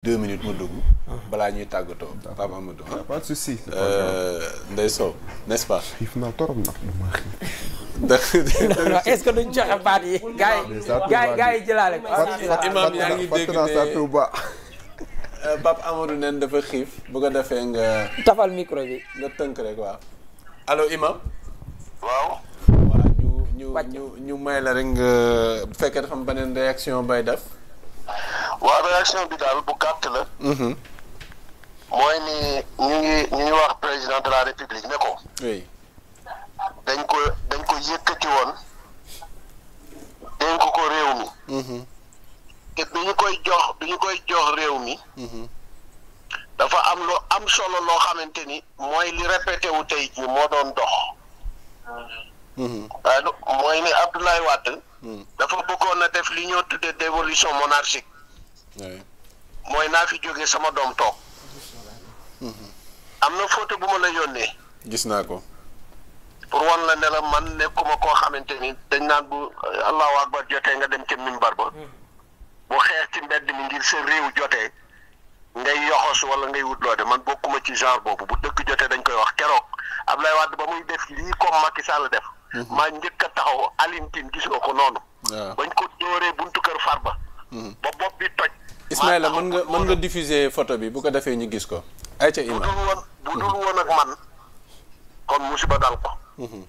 deux minutes mu dugg. Ah. balaa ñuy tàggatoo. Pape ah. de souci. Euh, Ndeye Sow ce que duñ joxe baat yi. gaa yi gaa yi jëlaale ko. ne euh, Pape dafa xiif bu ko defee nga. tafal micro bi. nga tënk rek waaw. allo imaam. waaw. ñu ñu may la rek nga. bu fekkee dafa am beneen réaction bay def. waaw réaction bi daal bu kàtt la. Mhm. mooy ni ñu ngi ñu ngi wax président de la république ne ko. dañ ko dañ ko yëkkati woon dañ ko ko réew mi. Mhm. te bi ñu koy jox bi ñu koy jox réew mi. Mhm. dafa am lu am solo loo xamante ni mooy li répété wu tey jii moo doon dox. waaye mooy ni Abdoulaye Wade. dafa bëggoon a def li ñoo tuddee dévolution monarchique. mooy naa fi jógee sama doom toog. Mhm. am na photo bu ma la yónnee. gis naa ko. pour wan la ne la man nekkuma koo xamante ni dañ naan bu allahu akbar jotee nga dem ca mimbar ba. Mhm. bu xeex ci mbedd mi ngir sa réew jotee. ngay yoxos wala ngay wut loo man bokkuma ci genre boobu bu dëkk jotee dañ koy wax keroog Abdoulaye Wade ba muy def lii comme Macky Sall def. Mhm. maa njëkk a taxaw Alioune Tine gisoo ko noonu. bañ ko dóoree buntu kër Farba. ba bopp bi toj. Ismaïla ah, mën nga mën nga diffuse photo bi bu ko defee ñu gis ko. ay ca Iman bu dul woon bu ak man kon musiba dal ko. Mhm.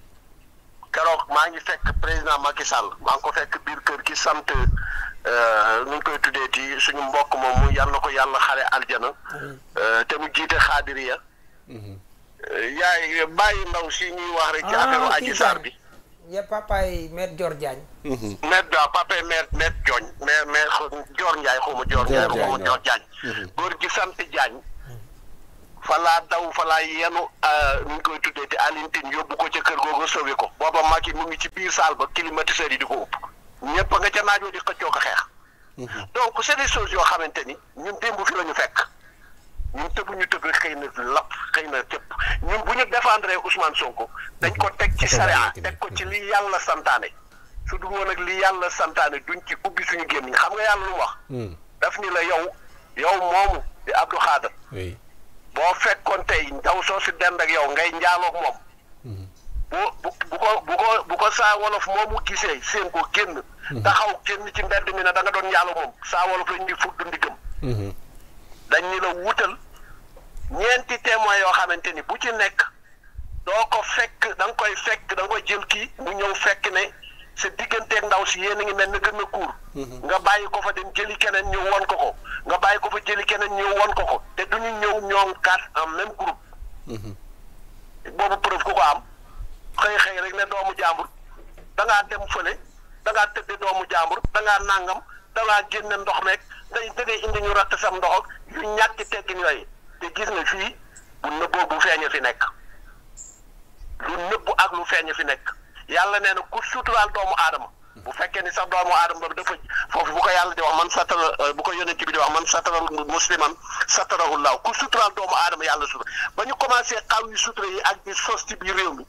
keroog maa ngi fekk président Macky Sall maa ngi ko fekk biir kër gi sant euh, nu ñu koy tuddee ti suñu mbokk moom mu yal ko yàlla xare aljana mhm. euh, te mu jiite xaadiriya mhm. euh, yaay bàyyi ndaw si ñuy wax rek ci ah, affaire bi ya papa yi maître Dior Diagne. Mhm. maître Dior papa yi maître maître Dior mais mais Dior xaw ma Dior Ndiaye xaw mhm. góor gi sant Diagne. fa laa daw fa laa yenu euh, nu ñu koy tuddee te Alioune Tine yóbbu ko ca kër googu sauvé ko. booba yi mu ngi ci biir salle ba climatiseur yi di ko ëpp. ñëpp nga ca naajoo di xëccoo ko xeex. Mhm. donc c'est des yoo xamante ni ñun démb fi la ñu fekk ñun tëbu ñu tëb xëy na lapp xëy na cëpp. ñun bu ñu défendre Ousmane ko dañ ko teg ci sariya teg ko ci li yàlla santaane su du woon ak li yàlla santaane duñ ci ubbi suñu gémmiñ xam nga yàlla lu wax hmm. daf ni la yow yow moomu di Abdou Khadr boo fekkoon tey ndaw soo si dend ak yow ngay njaaloog moom hmm. bu bu ko bu ko bu ko saa wolof moomu gisee seen ko génn hmm. taxaw génn ci mbedd mi ne da doon njaaloog moom saa wolof lañ di fudd ndigam dañ ni la wutal ñeenti témoin yoo xamante ni bu ci nekk doo ko fekk da nga koy fekk da nga koy jël kii mu ñëw fekk ne sa digganteeg ndaw si yéen a ngi mel ne gën a kuur. Mhm. nga bàyyi ko fa dem jëli keneen ñëw won ko ko nga bàyyi ko fa jëli keneen ñu won ko ko te du ñu ñëw ñoom quatre en même groupe. Mhm. boobu preuve ku ko am xëy xëy rek ne doomu jàmbur da ngaa dem fële da ngaa tëddee doomu jàmbur da ngaa nangam da ngaa génne ndox meeg day tëddee indi ñu ratt sam ndox ak yu ñàkk teggin yooyu. te gis nga fii bu nëbboo bu feeña fi nekk lu nëbbu ak lu feeña fi nekk yàlla nee na ku suturaal doomu aadama bu fekkee ni sax doomu aadama ba dafa foofu bu ko yàlla di wax man satara euh, bu ko yonent bi di wax man satara musliman satarahu laaw ku suturaal doomu aadama yàlla sutura ba ñu commencé xaw yu sutura yi ak di sos ci biir réew mi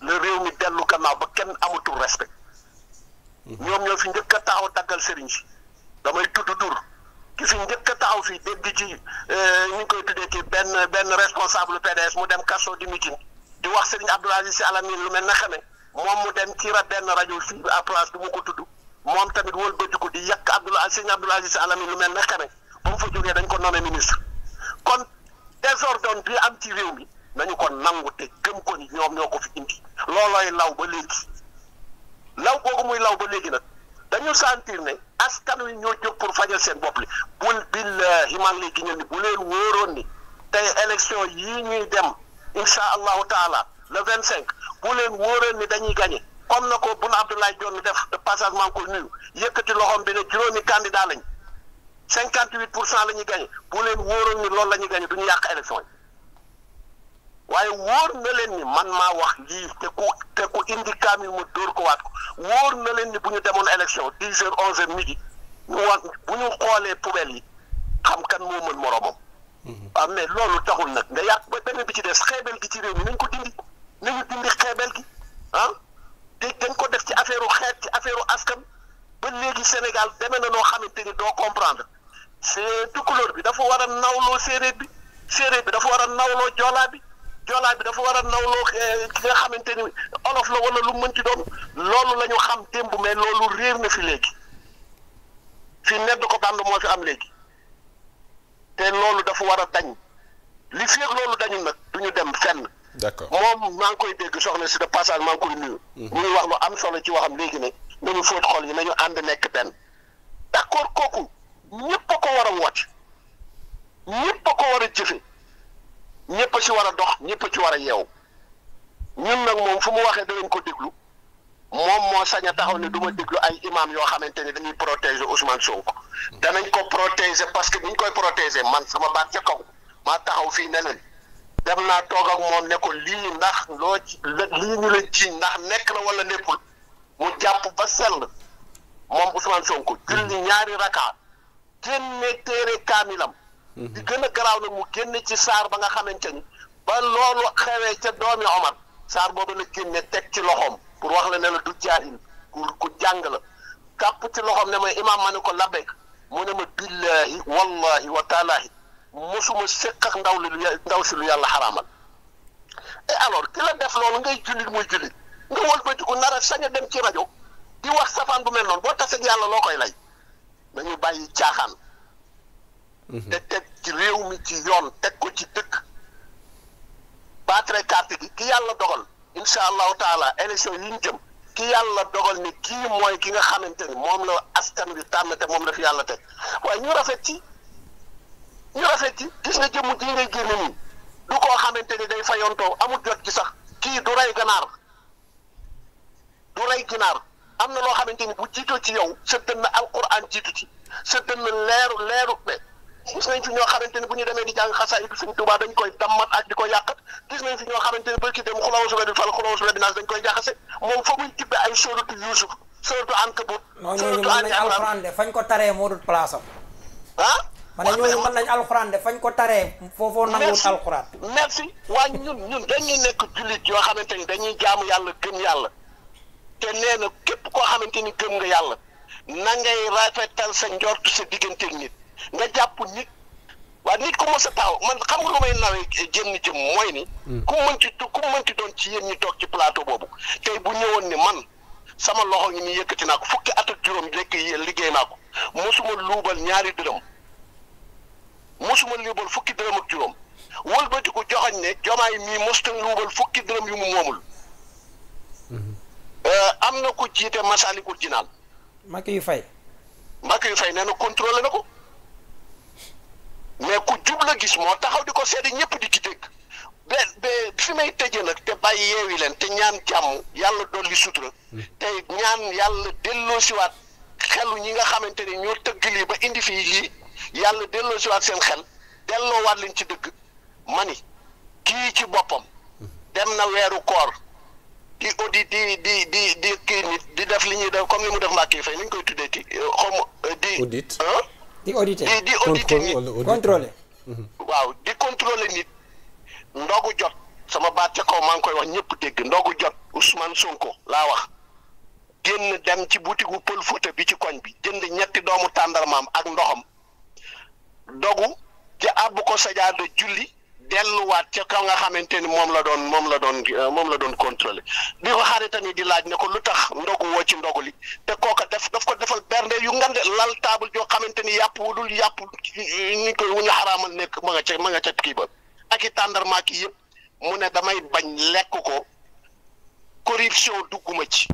la réew mi dellu gannaaw ba kenn amatul respect mhm. ñoom ñoo fi njëkk a taxaw daggal sëriñ si damay tudd tur ki fi njëkk a taxaw fii dégg ci euh, ñu ngi koy tuddee ci benn benn responsable PDS mu dem kaso di meeting di wax Serigne Abdoul Aziz Sy Al lu mel na xame moom mu dem ci a benn rajo fii à place bi mu ko tudd moom tamit walbatiku di yàq Abdoul Serigne Abdoul Aziz Sy Al Amine lu mel na xame ba mu fa jógee dañ ko nommé ministre kon désordre bi am ci réew mi nañu ko nangu te gëm ko ni ñoom ñoo ko fi indi loolooy law ba léegi law googu muy law ba léegi nag. dañu sentir ne askan wi ñoo jóg pour fajal seen bopp li bul billahi maa ngi lay giñal ni bu leen wóoroon ni tey élection yi ñuy dem insha allahu taala le vingt cinq bu leen wóoroon ni dañuy gagné comme na ko Boun Abdallah Dionne def de passage maa ngi koy nuyu yëkkati loxoom bi ne juróomi candidat lañ cinquante huit pour cent la ñuy gagné bu leen wóoroon ni loolu la ñuy gagné du yàq élection yi waaye wóor na leen ni man maa wax lii te ku te ku indi kaamil mu dóor ko waat ko wóor na leen ni bu ñu demoon élection dix heures onze heures midi ñu wax bu ñu xoolee poubelle yi xam kan moo mën moromam. waaw mhm. ah, mais loolu taxul nag nga yàq ba benn bi ci des xeebel gi ci réew mi nañ ko dindi nañu dindi xeebel gi ah. te dañ ko def ci affaire xeet ci affaire askan ba léegi Sénégal deme na noo xamante ni doo comprendre c'est tukulóor bi dafa war a nawloo séeréer bi séeréer bi dafa war a nawloo joolaa bi. joolaa bi dafa war a nawloo eh, ki nga xamante ni olof la wala lu mënti doon loolu la xam démb mais loolu réer na fi léegi fii nedd ko bànd moo fi am léegi te loolu dafa war a dañ li fi loolu dañu nag du ñu dem fenn. d'accord moom maa ngi koy dégg soxna si de passage maa ngi koy nuyu. Mhm. mu ngi wax lu am solo ci waxam léegi ne nañu fóot xol yi nañu ànd nekk benn d'accord kooku ñëpp a ko war a woote ñëpp a ko war a jëfe ñëpp ci war a dox ñëpp ci war a yeew ñun nag moom fu mu waxee danañ ko déglu moom moo sañ a taxaw ne du ma déglu ay imam yoo xamante ne dañuy protéger Ousmane Sonko danañ ko protéger parce que bu koy protéger man sama baat ca kaw maa taxaw fii ne leen dem naa toog ak moom ne ko lii ndax loo ci lii ñu la ji ndax nekk na wala nekkul mu jàpp ba sell moom Ousmane Sonko julli ñaari raka génne téere kaamilam di gën a garaaw nag mu génne ci saar ba nga xamante ni ba loolu xewee ca doomi Omar saar boobu la génne teg ci loxoom pour wax la ne la du jaahil ku ku jàng la kàpp ci loxoom ne ma imaam ma ne ko labbeek mu ne ma billaahi wallaahi wa taalaahi mosuma séq ak ndaw li lu ndaw si yàlla xaraamal et alors ki la def loolu ngay jullit muy jullit nga wëlbatiku nar a sañ a dem ci rajo di wax safaan bu mel noonu boo tasee ak yàlla loo koy lay dañu bàyyi caaxaan. Mhm. te teg ci réew mi ci yoon teg ko ci dëkk baatere carte gi ki yàlla doxal incha allahu taala élection yi jëm ki yàlla dogal ni kii mooy ki nga xamante ni moom la askan wi tàmm te moom la fi yàlla teg waaye ñu rafet ci ñu rafet ci gis nga jëmm ji ngay génne nii du koo xamante ni day fayontoo amul jot ci sax kii du rey ganaar du rey ginaar am na loo xamante ni bu jiitoo ci yow sa dënn alquran jiitu ci sa dënn leeru leeru gis nañ fi ñoo xamante ne bu ñu demee di jàng xasaay bi suñ Tuubaa dañ koy dammat ak di ko yàqat gis nañ fi ñoo xamante ne bërki dem xulawu sula bi fal xulawu sula bi naas dañ koy jaxase moom fa muy tibbe ay sóoratu Yuusuf sóoratu Ankabut sóoratu Ali Imran de moo dul place ah? man na ñooñu mën nañ alxuraan de fañ ko taree foofoo nanguwul alxuraan merci waaye ñun ñun dañuy nekk jullit yoo xamante ni dañuy jaamu yàlla gëm yàlla te nee na képp koo xamante ni gëm nga yàlla na ngay rafetal sa njortu sa digganteeg nit nga jàpp nit waa nit ku mos a man xam nga lu may nawee jëm jëm mooy ni. Hmm. ku mën ci ku mën ci doon ci yéen ñi toog ci plateau boobu tey bu ñëwoon ni man sama loxo ngi nii yëkkati naa ko fukki at ak juróom rekk liggéey naa ko mosuma luubal ñaari dërëm mosuma luubal fukki dërëm ak juróom wëlbati ko joxañ ne yi mii mosta luubal fukki dërëm yu mu moomul. Hmm. Euh, am na ko jiite Masalikul Jinaan. Mbackiyou Faye. Mbackiyou Faye nee na contrôlé na ko. mais ku jub la gis moo taxaw di ko seede ñëpp di ci dégg ba ba fi may tëjee nag te bàyyi yi leen te ñaan jàmm yàlla dolli sutura mm. te ñaan yàlla delloo siwaat xelu ñi nga xamante ni ñoo tëgg lii ba indi fii lii yàlla delloo siwaat seen xel delloowaat leen ci dëkk ma ni kii ci boppam dem na weeru koor di audi di di di di kii nit di def li ñuy def comme ni mu def mbàkk yi fay ni koy tuddee ci euh, xaw ma euh, di audit di auditer nit contrôler mhm. waaw di contrôler nit ndogu jot sama baat ca kaw maa ngi koy wax ñëpp dégg ndogu jot Ousmane Sonko laa wax génn dem ci butigu pël Fuuta bi ci koñ bi jënd ñetti doomu tàndarmaam ak ndoxam dogu ja àbb ko sajaada julli delluwaat ca kaw nga xamante ni moom la doon moom la doon euh, moom la doon contrôlé bi ko xaritam yi di laaj ne ko lu tax ndogu woo ci ndogu li te kooka def daf ko defal bernde yu ngande lal taabal joo xamante ni yàpp wu dul yàpp ñu koy wu ñu xaraamal nekk ma nga ca ma nga kii ba ak i tàndarmaa ki yëpp mu ne damay bañ lekk ko corruption dugguma ci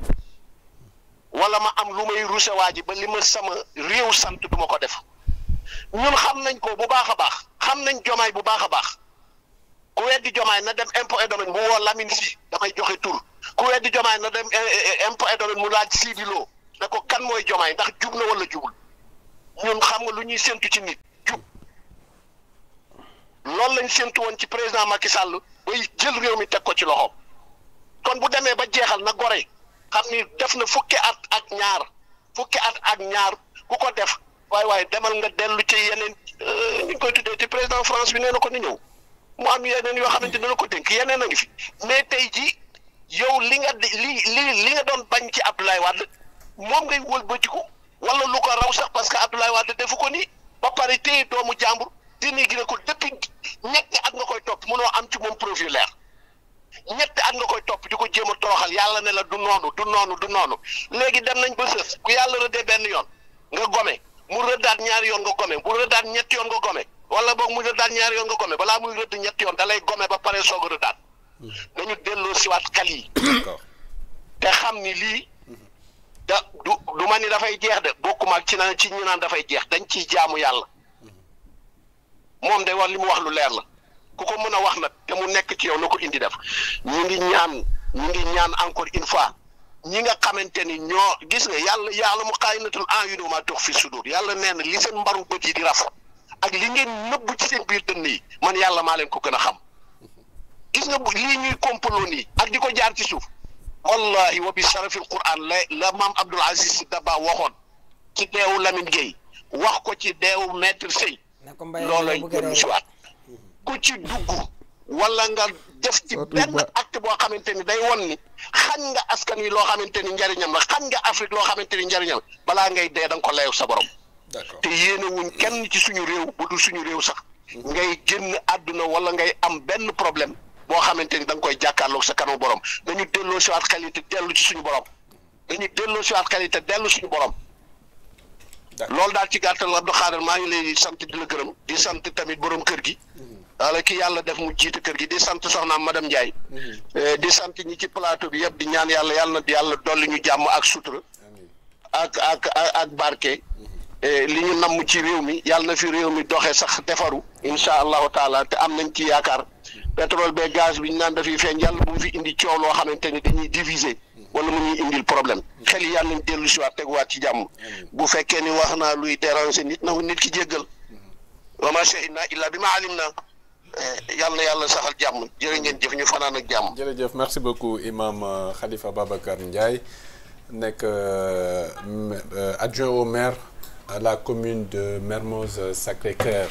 wala ma am lu may rusewaa ji ba li ma sama réew sant duma ko def ñun xam nañ ko bu baax a baax xam nañ jomaay bu baax a baax ku weddi jomaay na dem impôt et domaine mu woo Lamine si damay joxe tur ku weddi jomaay na dem eh, eh, eh, impôt et domaine mu laaj Sidi Lo ne ko kan mooy jomaay ndax jub na wala jubul ñun xam nga lu ñuy séntu ci nit jub loolu lañ séntu woon ci président Macky Sall bay jël réew mi teg ko ci loxo kon bu demee ba jeexal na gore xam ni def na fukki at ak ñaar fukki at ak ñaar ku ko def waay waaye demal nga dellu ci yeneen euh, ñu koy tuddee ci président France bi nee na ko ni ñëw. moo am yeneen yoo xamante dana ko dénk yeneen a ngi fi mais tey ji yow li nga li li li nga doon bañ ci Abdoulaye Wade moom ngay ko wala lu ko raw sax parce que Abdoulaye Wade defu ko nii ba pare téye doomu jàmbur dénigré ko depuis ñetti ak nga koy topp mënoo am ci moom profil leer ñetti at nga koy topp di ko jéem a tooxal yàlla ne la du noonu du noonu du noonu léegi dem nañ ba sës ku yàlla rëddee benn yoon nga gome mu rëddaat ñaari yoon nga gome mu rëddaat ñetti yoon nga gome wala boog muy rëddaat ñaari yoon nga gome balaa muy rëdd ñetti yoon da lay gome ba pare soog a rëddaat hmm. nañu delloo siwaat xel yi te xam ni lii da du du ma ni dafay jeex de bokkumaak ak ci naan ci ñu naan dafay jeex dañ ciy jaamu yàlla hmm. moom de wax li mu wax lu leer na ku ko mën a wax nag te mu nekk ci yow na ko indi def ñu ngi ñaan ngi ñaan encore une fois ñi nga xamante ni ñoo gis nga yàlla la mu xaayinatul en une ma tox fi sudur yàlla nee na li seen mbaru bët yi di rafet ak li ngeen nëbbu ci seen biir dënn yi man yàlla maa leen ko gën a xam gis nga lii ñuy kompaloo nii ak di ko jaar ci suuf wallahi wa bi sarafil quran la maam Abdul Aziz Si Dabba waxoon ci deewu Lamine Gueye wax ko ci deewu maître sëy loolay jëllu si waat ku ci dugg wala nga def ci benn acte boo xamante ni day won ni xañ nga askan wi loo xamante ni njariñam la xañ nga Afrique loo xamante ni njariñam balaa ngay dee da ko layu sa borom te yéene wuñ kenn ci suñu réew bu dul suñu réew sax ngay génn àdduna wala ngay am benn problème boo xamante ni da koy jàkkaarloog sa kanamu borom nañu delloo si waat xel dellu ci suñu borom dañu delloo si waat xel yi te dellu suñu borom. loolu daal ci gàttal Abdou Khader maa ngi lay sant di la gërëm di sant tamit borom kër gi. Mhm. wala ki yàlla def mu jiite kër gi di sant ma dem Ndiaye. Mhm. Eh, di sant ñi ci plateau bi yëpp di ñaan yàlla yàlla na yàlla dolli ñu jàmm ak sutura. ak ak ak barke. Mhm. Eh, li ñu namm ci réew mi yàlla na fi réew mi doxee sax defaru incha allahu taala te am nañ ci yaakaar pétrole bee gaz bi ñu naan dafiy feeñ yàlla bu mu fi indi coow loo xamante ni dañuy diviser wala mu ñuy indil problème xel yi yàlla nañ dellu si teguwaat ci jàmm bu fekkee ni wax naa luy déranger nit na nit ki jéggal wa ma shahidna illa bi ma alim na eh, yàlla na yàlla saxal jàmm jërë ngeen jëf ñu fanaan ak jàmm. jërëjëf merci beaucoup imam euh, Khalifa Babacar Ndiaye nekk euh, euh, adjoint au à la commune de Mermoz Sacré-Cœur.